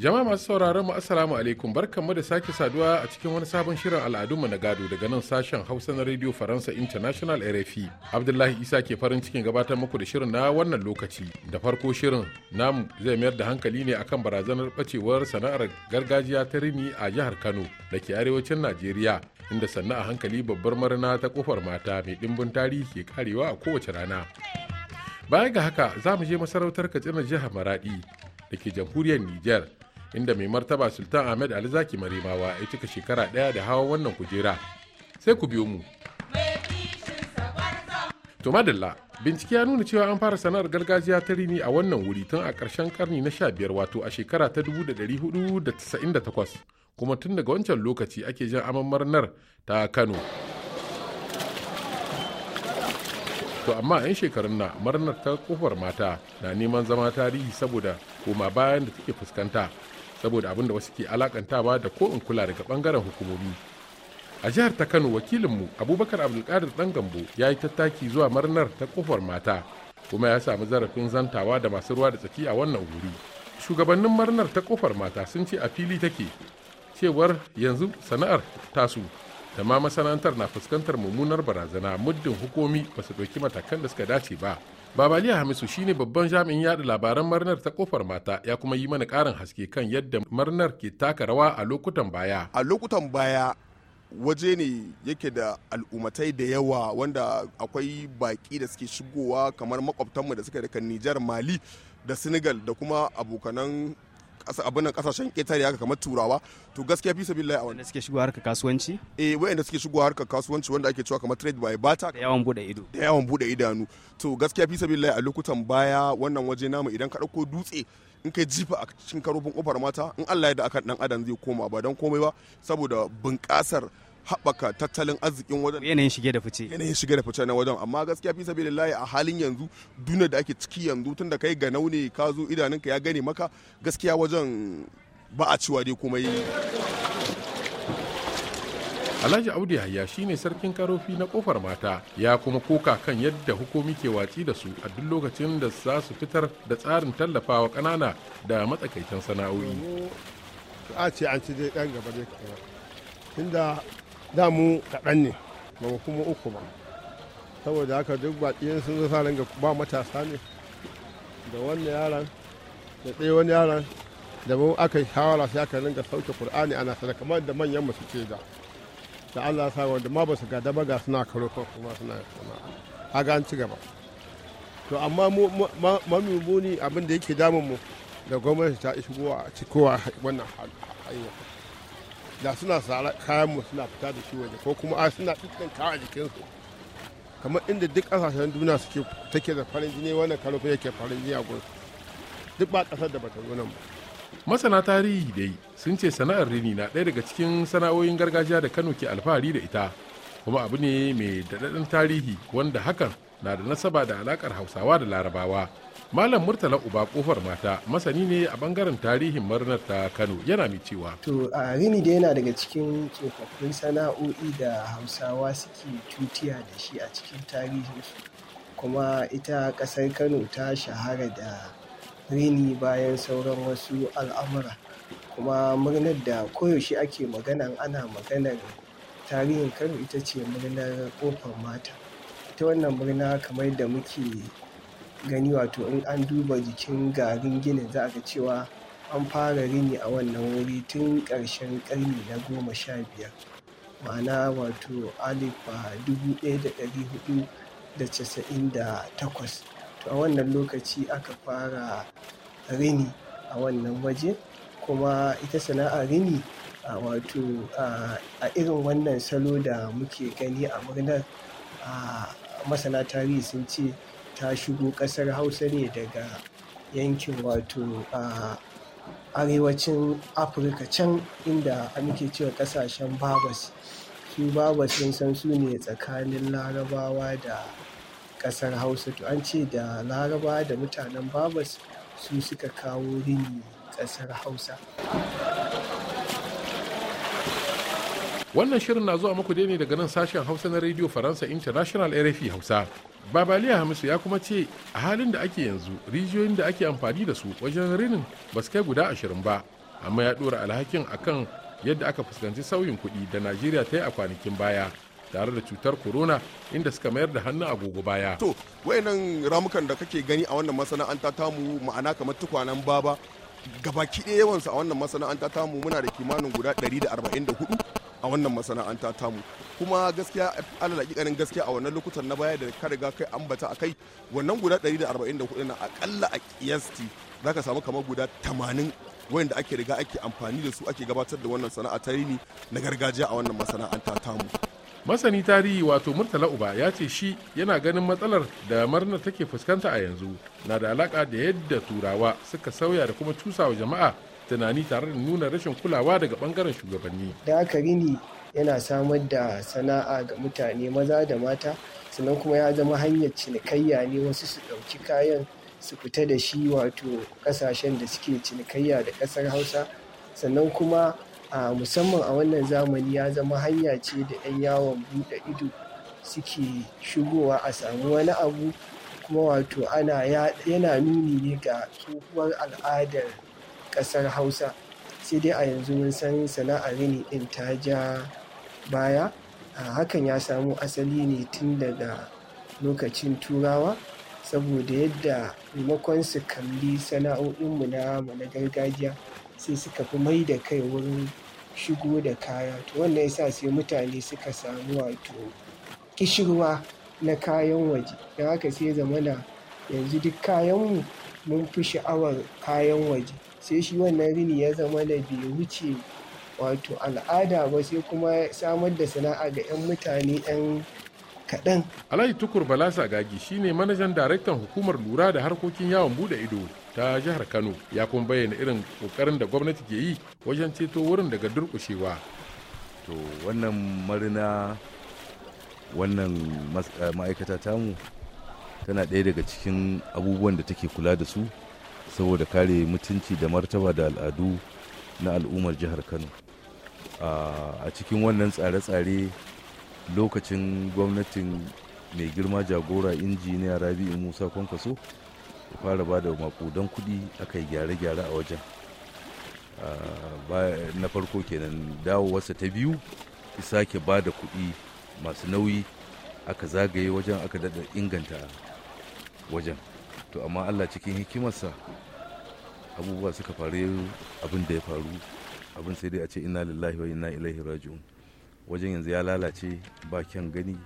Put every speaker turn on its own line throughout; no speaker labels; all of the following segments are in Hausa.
Jama'a masu sauraron mu assalamu alaikum barkanmu da sake saduwa a cikin wani sabon shirin al'adunmu na gado daga nan sashen Hausa na Radio Faransa International RFI. Abdullahi Isa ke farin cikin gabatar muku da shirin na wannan lokaci. Da farko shirin namu zai mayar da hankali ne akan barazanar bacewar sana'ar gargajiya ta rini a jihar Kano da ke arewacin Najeriya inda sannu a hankali babbar marina ta kofar mata mai dimbin tarihi ke karewa a kowace rana. Baya ga haka za mu je masarautar Katsina jihar Maradi da ke jamhuriyar Nijar inda mai martaba sultan ahmed ali zaki marimawa ya cika shekara daya da hawa wannan kujera sai ku biyo mu to madalla bincike ya nuna cewa an fara sana'ar gargajiya ta rini a wannan wuri tun a ƙarshen karni na 15 wato a shekara ta 1498 kuma tun daga wancan lokaci ake jan aman marnar ta kano to amma 'yan shekarun na marnar ta kofar mata na neman zama tarihi saboda koma bayan da take fuskanta saboda abin da wasu ke alakantawa da ko in kula daga bangaren hukumomi a jihar ta kano wakilinmu abubakar abdulkadir dan gambo ya yi tattaki zuwa marnar ta kofar mata kuma ya samu zarafin zantawa da masu ruwa da tsaki a wannan wuri shugabannin marnar ta kofar mata sun ce a fili take cewar yanzu sana'ar tasu da ma masana'antar na fuskantar mummunar barazana muddin hukumi ba su ɗauki matakan da suka dace ba babaliya hamisu shine babban jami'in yaɗa labaran marnar ta kofar mata ya kuma yi mana karin haske kan yadda marnar ke taka rawa a lokutan baya
a lokutan baya waje ne yake da al'ummatai da yawa wanda akwai baki da suke shigowa kamar makwabtanmu da suka daga nijar mali da senegal da kuma abokanan abin nan kasashen ƙetare haka kamar turawa to gaskiya fi sabi lai a wanda suke shigowa harkar kasuwanci eh wayanda suke shigowa harkar kasuwanci wanda ake cewa kamar trade by barter da yawan bude ido da yawan bude idanu to gaskiya fi sabi lai a lokutan baya wannan waje namu idan ka dauko dutse in kai jifa a cikin karofin kofar mata in Allah ya da akan dan adam zai koma ba dan komai ba saboda bunƙasar haɓaka tattalin arzikin wajen yanayin shige da fice yanayin shige da fice na wajen amma gaskiya fi sabi layi a halin yanzu duna da ake ciki yanzu tunda kai ga naune ka zo idanunka ya gani maka gaskiya wajen ba a cewa dai kuma yi
Alhaji Audu Yahya ne sarkin karofi na kofar mata ya kuma koka kan yadda hukumi ke watsi da su a duk lokacin da za su fitar da tsarin tallafawa ƙanana da matsakaitan sana'o'i.
A ce an ci dai ɗan gaba dai kaɗan. Inda damu kaɗan ne ba kuma uku ba saboda haka duk baƙi sun zo sa ga ba matasa ne da wannan yaran da ɗaya wani yaran da mu aka shawara sai aka ringa sauke qur'ani ana sadaka kamar da manyan mu suke da da Allah ya sa wanda ma ba su gada ba ga suna karo ko kuma suna kuma haga an ci gaba to amma mu mami muni abin da yake damun mu da gwamnati ta shigo a cikowa wannan hanyar da suna sara kayan mu suna fita da shi waje ko kuma a suna tsitsin kawo a jikinsu kamar inda duk kasashen duniya suke take da farin jini wannan karfin yake farin jini a gurin duk ba kasar da bata zo nan ba
masana tarihi dai sun ce sana'ar rini na ɗaya daga cikin sana'o'in gargajiya da kano ke alfahari da ita kuma abu ne mai daɗaɗɗen tarihi wanda hakan na da nasaba da alaƙar hausawa da larabawa Malam Murtala Uba kofar mata masani ne a bangaren tarihin murnar ta Kano yana mai cewa.
To a rini da yana daga cikin tsofaffin sana'o'i da Hausawa suke tutiya da shi a cikin tarihinsu. Kuma ita ƙasar Kano ta shahara da rini bayan sauran wasu al'amura. Kuma murnar da koyaushe ake magana ana maganar tarihin Kano ita ce murnar kofar mata. Ita wannan murna kamar da muke gani wato in an duba jikin garin ginin za a ga cewa an fara rini a wannan wuri tun ƙarshen karni na goma sha biyar ma'ana wato alifa dubu ɗaya da ɗari hudu da casa'in da takwas to a wannan lokaci aka fara rini a wannan waje kuma ita sana'a rini a wato a irin wannan salo da muke gani a murnar masana tarihi sun ce ta shigo ƙasar hausa ne daga yankin wato a arewacin afirka can inda muke cewa ƙasashen babas su babas sun san su ne tsakanin larabawa da ƙasar hausa to an ce da larabawa da mutanen babas su suka kawo rini ƙasar hausa
wannan shirin na zuwa muku ne daga nan sashen hausa na radio faransa international rfi hausa babaliya hamisu ya kuma ce a halin da ake yanzu rijiyoyin da ake amfani da su wajen rinin ba su kai guda ashirin ba amma ya dora alhakin akan yadda aka fuskanci sauyin kuɗi da najeriya ta yi a kwanakin baya tare da cutar corona inda suka mayar da hannun agogo baya. To,
wayannan ramukan da kake gani a wannan masana'anta tamu ma'ana kamar tukwanen baba gabaki ɗaya yawansu a wannan masana'anta mu muna da kimanin guda 144 a wannan masana'anta tamu kuma gaskiya alal hakikanin gaskiya a wannan lokutan na baya da ka riga kai ambata a kai wannan guda 144 na akalla a kiyasti za ka samu kamar guda 80 wanda ake riga ake amfani da su ake gabatar da wannan sana'a ta rini
na gargajiya a wannan masana'anta tamu masani tarihi wato murtala uba ya ce shi yana ganin matsalar da marnar take fuskanta a yanzu na da alaka da yadda turawa suka sauya da kuma cusawa jama'a tunani tare da nuna rashin kulawa daga bangaren shugabanni
da aka rini yana samar da sana'a ga mutane maza da mata sannan kuma ya zama hanyar cinikayya ne wasu su ɗauki kayan su fita da shi wato ƙasashen da suke cinikayya da ƙasar hausa sannan kuma a musamman a wannan zamani ya zama hanya ce da 'yan yawon buɗe ido suke shigowa a samu wani abu kuma wato ana yana nuni ne ga tsohuwar al'adar ƙasar hausa sai dai a yanzu mun san sana'ar rini ɗin ta ja baya hakan ya samu asali ne tun daga lokacin turawa saboda yadda maimakon su kalli sana'o'inmu na na gargajiya sai suka fi mai da kai wurin shigo da kaya to wannan ya sa sai mutane suka samu wato kishirwa na kayan waje da haka sai zamana yanzu duk kayanmu mun fi sha'awar kayan waje sai shi wannan rini ya zama da bai wuce wato al'ada ba sai kuma samar da sana'a ga 'yan mutane 'yan kaɗan. Alhaji Tukur
Balasa Gagi shine manajan daraktan hukumar lura da harkokin yawon bude ido ta jihar Kano ya kuma bayyana irin kokarin da gwamnati ke yi wajen ceto wurin daga durkushewa. To wannan marina wannan ma'aikata tamu tana ɗaya daga cikin abubuwan da take kula da su saboda kare mutunci da martaba da al'adu na al'ummar jihar kano a cikin wannan tsare-tsare lokacin gwamnatin mai girma jagora injiniya rabi'u musa kwankwaso fara ba da makudan kudi aka yi gyare-gyare a wajen na farko kenan dawowarsa ta biyu sake ba da kudi masu nauyi aka zagaye wajen aka daɗa inganta wajen to amma allah cikin hikimarsa abubuwa suka faru abin da ya faru abin sai dai a ce ina lillahi wa ina ilaihi raji'un wajen yanzu ya lalace ba gani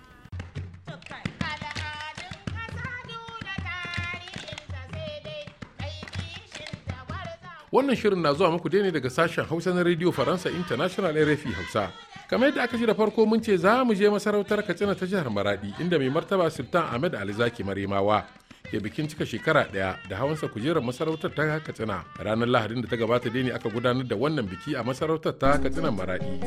wannan shirin na zuwa muku dai ne daga sashen hausa na radio faransa international rfi hausa kamar yadda aka ji da farko mun ce za mu je masarautar katsina ta jihar maradi inda mai martaba sultan ahmed ali zaki maremawa ke bikin cika shekara ɗaya da hawansa kujerar masarautar ta katsina ranar lahadin da ta gabata dai ne aka gudanar da wannan biki a masarautar ta katsinan maraɗi.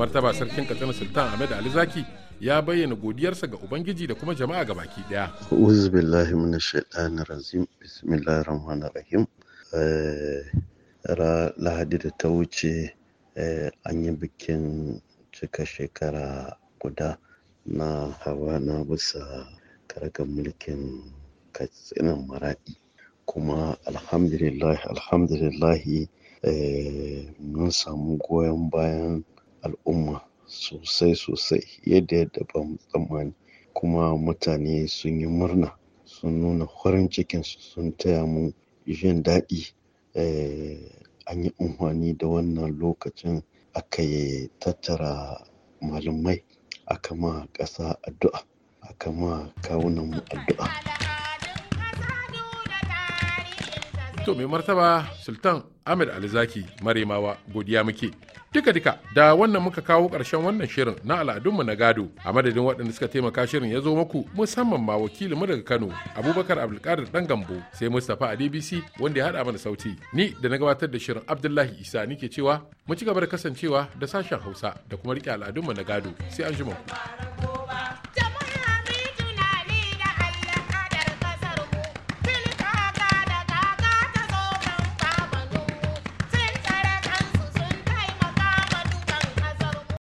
martaba sarkin katsina sultan ahmed ali zaki ya bayyana godiyarsa ga ubangiji da kuma jama'a ga baki daya
uzu billahi min shaitanir rajim bismillahir rahmanir rahim eh, lahadi da ta wuce eh, an yi bikin cika shekara guda na hawa na bisa karkar mulkin katsinan maraɗi kuma alhamdulillah alhamdulillah eh, mun samu goyon bayan al'umma sosai sosai yadda yadda ba mu tsammani kuma mutane sun yi murna sun nuna farin cikinsu sun taya mu jin daɗi eh, an yi amfani da wannan lokacin aka yi tattara malamai aka ma ƙasa addu'a aka ma kawunanmu
addu'a to mai martaba sultan ahmed alizaki maremawa godiya muke Duka duka da wannan muka kawo ƙarshen wannan shirin na al'adunmu na gado a madadin waɗanda suka taimaka shirin ya zo muku musamman ma wakilinmu daga Kano Abubakar Abdulkadir dan Gambo sai Mustapha a DBC wanda ya haɗa mana sauti. Ni da na gabatar da shirin Abdullahi Isa nike cewa mu ci gaba da kasancewa da sashen Hausa da kuma riƙe al'adunmu na gado sai an ku.